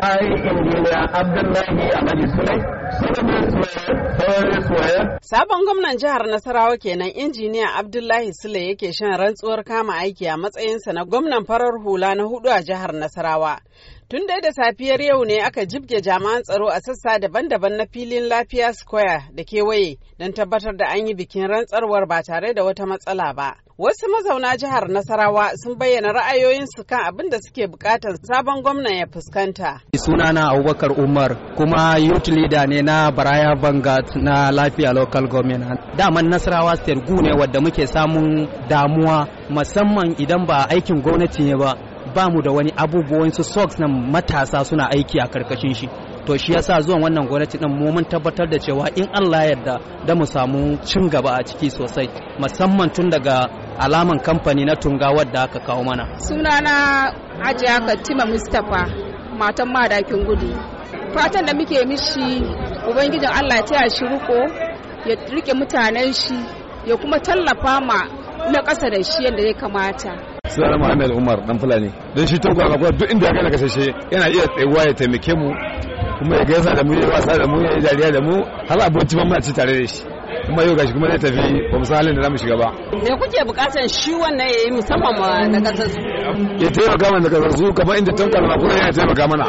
injiniya abdullahi sulai Sabon gwamnan jihar Nasarawa kenan injiniya Abdullahi Sule yake shan rantsuwar kama aiki a matsayinsa na gwamnan farar hula na hudu a jihar Nasarawa. Tun dai da safiyar yau ne aka jibge jami'an tsaro a sassa daban-daban na filin lafiya square da kewaye don tabbatar da an yi bikin rantsarwar ba tare da wata matsala ba. Wasu mazauna jihar Nasarawa sun bayyana ra'ayoyinsu kan abin da suke bukatar sabon gwamna ya fuskanta. Sunana Abubakar Umar kuma youth leader ne na Baraya Vanguard na Lafiya Local Government. Daman Nasarawa State gu ne wadda muke samun damuwa musamman idan ba aikin gwamnati ne ba. ba mu da wani abubuwan su socks na matasa suna aiki a karkashin shi to shi yasa zuwan wannan gwamnati din mu mun tabbatar da cewa in Allah yarda da mu samu cin gaba a ciki sosai musamman tun daga alaman kamfani na tunga wadda aka kawo mana sunana Hajiya Katima Mustapha matan madakin gudu fatan da muke mishi ubangijin Allah ya taya shi riko ya rike mutanen shi ya kuma tallafa ma na ƙasa da shi yadda ya kamata sunana Muhammad Umar dan Fulani dan shi tanko ga duk inda ya kai daga sashe yana iya tsayuwa ya taimake mu kuma ya gaisa da mu ya wasa da mu ya dariya da mu har abinci ban muna ci tare da shi kuma yau gashi kuma zai tafi ba mu san halin da mu shiga ba me kuke bukatar shi wannan yayi musamman ma na kasar su ya taimaka mana daga su kamar inda tun kalma kuma ya taimaka mana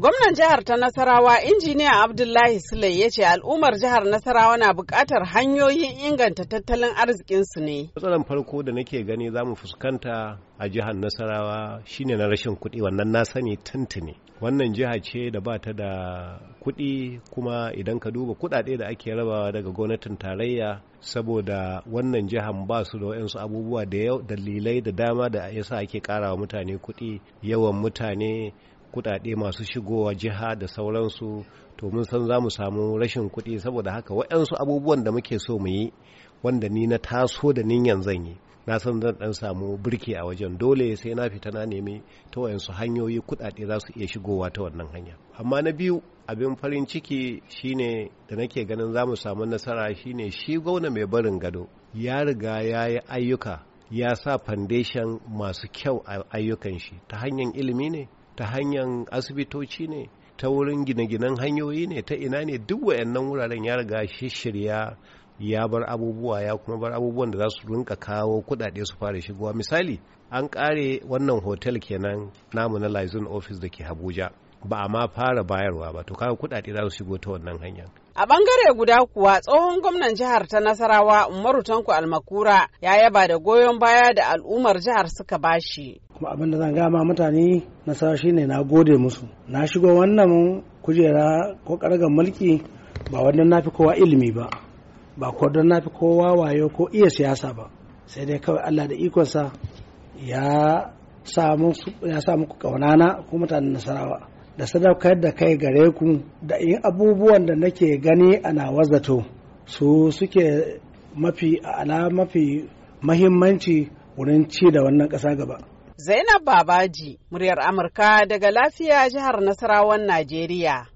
gwamnan jihar ta nasarawa injiniya abdullahi sule ya ce al'ummar jihar nasarawa na bukatar hanyoyin inganta tattalin arzikinsu ne matsalan farko da nake gani za mu fuskanta a jihar nasarawa shine na rashin kuɗi wannan na sani tuntuni wannan jiha ce da ba ta da kuɗi kuma idan ka duba kuɗaɗe da ake rabawa daga gwamnatin tarayya saboda wannan jihan ba su da wayansu abubuwa da dalilai da dama da yasa ake ƙara wa mutane kuɗi yawan mutane kuɗaɗe masu shigowa jiha da sauransu to mun san za mu samu rashin kuɗi saboda haka waɗansu abubuwan da muke so mu yi wanda ni na taso da niyyar zan yi na san zan dan samu birki a wajen dole sai na fita na nemi ta wayansu hanyoyi kudade za su iya shigowa ta wannan hanya amma na biyu abin farin ciki shine da nake ganin za mu samu nasara shine shi gwamna mai barin gado ya riga ya yi ayyuka ya sa foundation masu kyau a ayyukan shi ta hanyar ilimi ne ta hanyar asibitoci ne ta wurin gine-ginen hanyoyi ne ta ina ne duk wayannan wuraren ya riga shishirya ya bar abubuwa ya kuma bar abubuwan da za su rinka kawo kudade su fara shigowa misali an kare wannan hotel kenan namu na Lizon office da ke habuja ba a ma fara bayarwa ba to kawo kudade za su shigo ta wannan hanyar A bangare guda kuwa tsohon gwamnan jihar ta Nasarawa Umaru Tanko Almakura ya yaba da goyon baya da al'ummar jihar suka bashi. Kuma abin da zan ma mutane nasara shine na gode musu. Na shigo wannan kujera ko karagar mulki ba wannan nafi kowa ilimi ba. ba ko don na fi kowa wayo ko iya siyasa ba sai dai kawai Allah da ikonsa ya sa muku kaunana ko mutanen nasarawa da sadaukar da kai gare ku da yin abubuwan da nake gani ana wazato su suke mafi ala mafi mahimmanci wurin ci da wannan ƙasa gaba. Zainab Babaji, muryar Amurka daga lafiya jihar Nasarawan Najeriya.